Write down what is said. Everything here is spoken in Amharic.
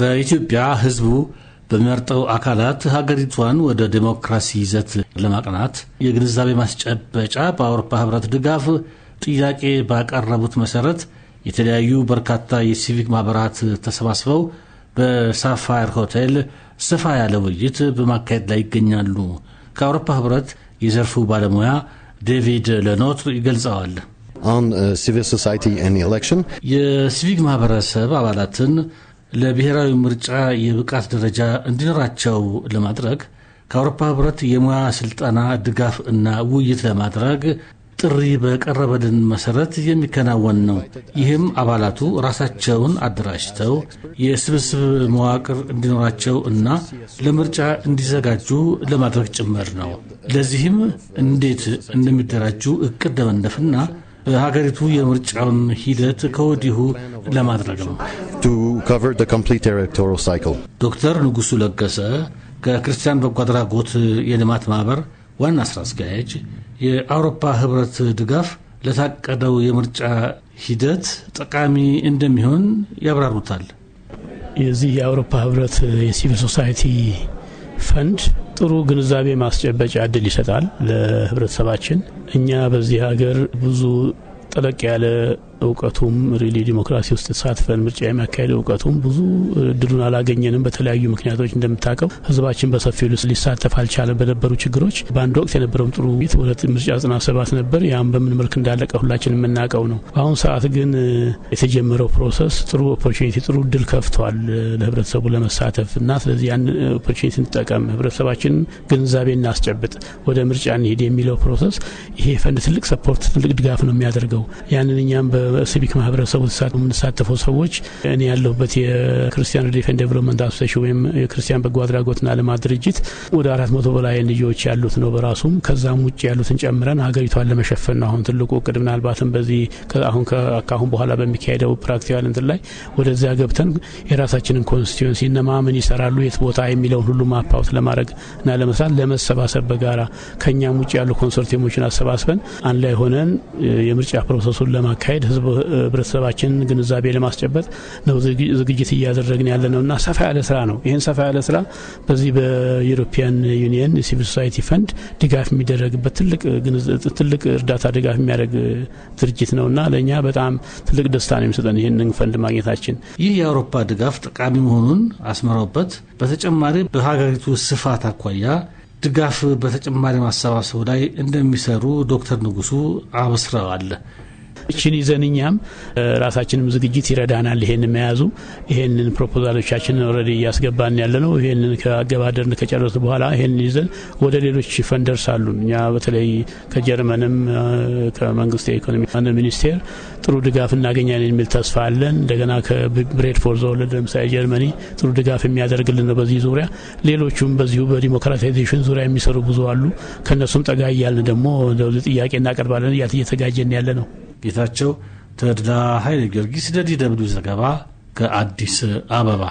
በኢትዮጵያ ህዝቡ በሚመርጠው አካላት ሀገሪቷን ወደ ዴሞክራሲ ይዘት ለማቅናት የግንዛቤ ማስጨበጫ በአውሮፓ ህብረት ድጋፍ ጥያቄ ባቀረቡት መሰረት የተለያዩ በርካታ የሲቪክ ማህበራት ተሰባስበው በሳፋየር ሆቴል ሰፋ ያለ ውይይት በማካሄድ ላይ ይገኛሉ። ከአውሮፓ ህብረት የዘርፉ ባለሙያ ዴቪድ ለኖት ይገልጸዋል። uh, የሲቪክ ማህበረሰብ አባላትን ለብሔራዊ ምርጫ የብቃት ደረጃ እንዲኖራቸው ለማድረግ ከአውሮፓ ህብረት የሙያ ስልጠና ድጋፍ እና ውይይት ለማድረግ ጥሪ በቀረበልን መሰረት የሚከናወን ነው። ይህም አባላቱ ራሳቸውን አደራጅተው የስብስብ መዋቅር እንዲኖራቸው እና ለምርጫ እንዲዘጋጁ ለማድረግ ጭምር ነው። ለዚህም እንዴት እንደሚደራጁ እቅድ ለመንደፍና በሀገሪቱ የምርጫውን ሂደት ከወዲሁ ለማድረግ ነው። to cover the complete electoral cycle. ዶክተር ንጉሱ ለገሰ ከክርስቲያን በጎ አድራጎት የልማት ማህበር ዋና ስራ አስኪያጅ የአውሮፓ ህብረት ድጋፍ ለታቀደው የምርጫ ሂደት ጠቃሚ እንደሚሆን ያብራሩታል። የዚህ የአውሮፓ ህብረት የሲቪል ሶሳይቲ ፈንድ ጥሩ ግንዛቤ ማስጨበጫ እድል ይሰጣል ለህብረተሰባችን። እኛ በዚህ ሀገር ብዙ ጠለቅ ያለ እውቀቱም ሪሊ ዲሞክራሲ ውስጥ ተሳትፈን ምርጫ የሚያካሄደው እውቀቱም ብዙ እድሉን አላገኘንም። በተለያዩ ምክንያቶች እንደምታውቀው ህዝባችን በሰፊው ሊሳተፍ አልቻለም። በነበሩ ችግሮች በአንድ ወቅት የነበረውም ጥሩ ውይይት ወደ ምርጫ ዘጠና ሰባት ነበር። ያም በምን መልክ እንዳለቀ ሁላችን የምናውቀው ነው። በአሁኑ ሰዓት ግን የተጀመረው ፕሮሰስ ጥሩ ኦፖርቹኒቲ፣ ጥሩ እድል ከፍቷል ለህብረተሰቡ ለመሳተፍ እና ስለዚህ ያን ኦፖርቹኒቲ እንጠቀም፣ ህብረተሰባችን ግንዛቤ እናስጨብጥ፣ ወደ ምርጫ እንሄድ የሚለው ፕሮሰስ ይሄ ፈንድ ትልቅ ሰፖርት፣ ትልቅ ድጋፍ ነው የሚያደርገው ያንን እኛም በሲቪክ ማህበረሰቡ የምንሳተፈው ሰዎች እኔ ያለሁበት የክርስቲያን ዲፌን ኤንድ ዴቨሎፕመንት አሶሴሽን ወይም የክርስቲያን በጎ አድራጎትና ልማት ድርጅት ወደ አራት መቶ በላይ ልጆች ያሉት ነው በራሱም ከዛም ውጭ ያሉትን ጨምረን ሀገሪቷን ለመሸፈን ነው አሁን ትልቁ እቅድ። ምናልባትም በዚህ አሁን ከአካሁን በኋላ በሚካሄደው ፕራክቲካል እንትን ላይ ወደዚያ ገብተን የራሳችንን ኮንስቲትዌንሲ እነማ ምን ይሰራሉ የት ቦታ የሚለውን ሁሉ ማፓውት ለማድረግ እና ለመስራት ለመሰባሰብ በጋራ ከእኛም ውጭ ያሉ ኮንሶርቲየሞችን አሰባስበን አንድ ላይ ሆነን የምርጫ ፕሮሰሱን ለማካሄድ ህዝብ ህብረተሰባችን ግንዛቤ ለማስጨበጥ ነው ዝግጅት እያደረግን ያለ ነው እና ሰፋ ያለ ስራ ነው። ይህን ሰፋ ያለ ስራ በዚህ በዩሮፒያን ዩኒየን ሲቪል ሶሳይቲ ፈንድ ድጋፍ የሚደረግበት ትልቅ እርዳታ ድጋፍ የሚያደርግ ድርጅት ነው እና ለእኛ በጣም ትልቅ ደስታ ነው የሚሰጠን ይህንን ፈንድ ማግኘታችን። ይህ የአውሮፓ ድጋፍ ጠቃሚ መሆኑን አስምረውበት በተጨማሪ በሀገሪቱ ስፋት አኳያ ድጋፍ በተጨማሪ ማሰባሰቡ ላይ እንደሚሰሩ ዶክተር ንጉሱ አብስረዋል። እችን ይዘን እኛም ራሳችንም ዝግጅት ይረዳናል። ይሄን መያዙ ይሄንን ፕሮፖዛሎቻችንን ኦልሬዲ እያስገባን ያለ ነው። ይሄንን ከአገባደርን ከጨረሱ በኋላ ይሄንን ይዘን ወደ ሌሎች ፈንደርስ አሉ። እኛ በተለይ ከጀርመንም ከመንግስት የኢኮኖሚ ሚኒስቴር ጥሩ ድጋፍ እናገኛለን የሚል ተስፋ አለን። እንደገና ከብሬድ ፎር ዘወርልድ ለምሳሌ ጀርመኒ ጥሩ ድጋፍ የሚያደርግልን ነው በዚህ ዙሪያ። ሌሎቹም በዚሁ በዲሞክራታይዜሽን ዙሪያ የሚሰሩ ብዙ አሉ። ከእነሱም ጠጋ እያልን ደግሞ ጥያቄ እናቀርባለን እያት እየተጋጀን ያለ ነው። ጌታቸው ተድላ ኃይለ ጊዮርጊስ ለዲ ደብልዩ ዘገባ ከአዲስ አበባ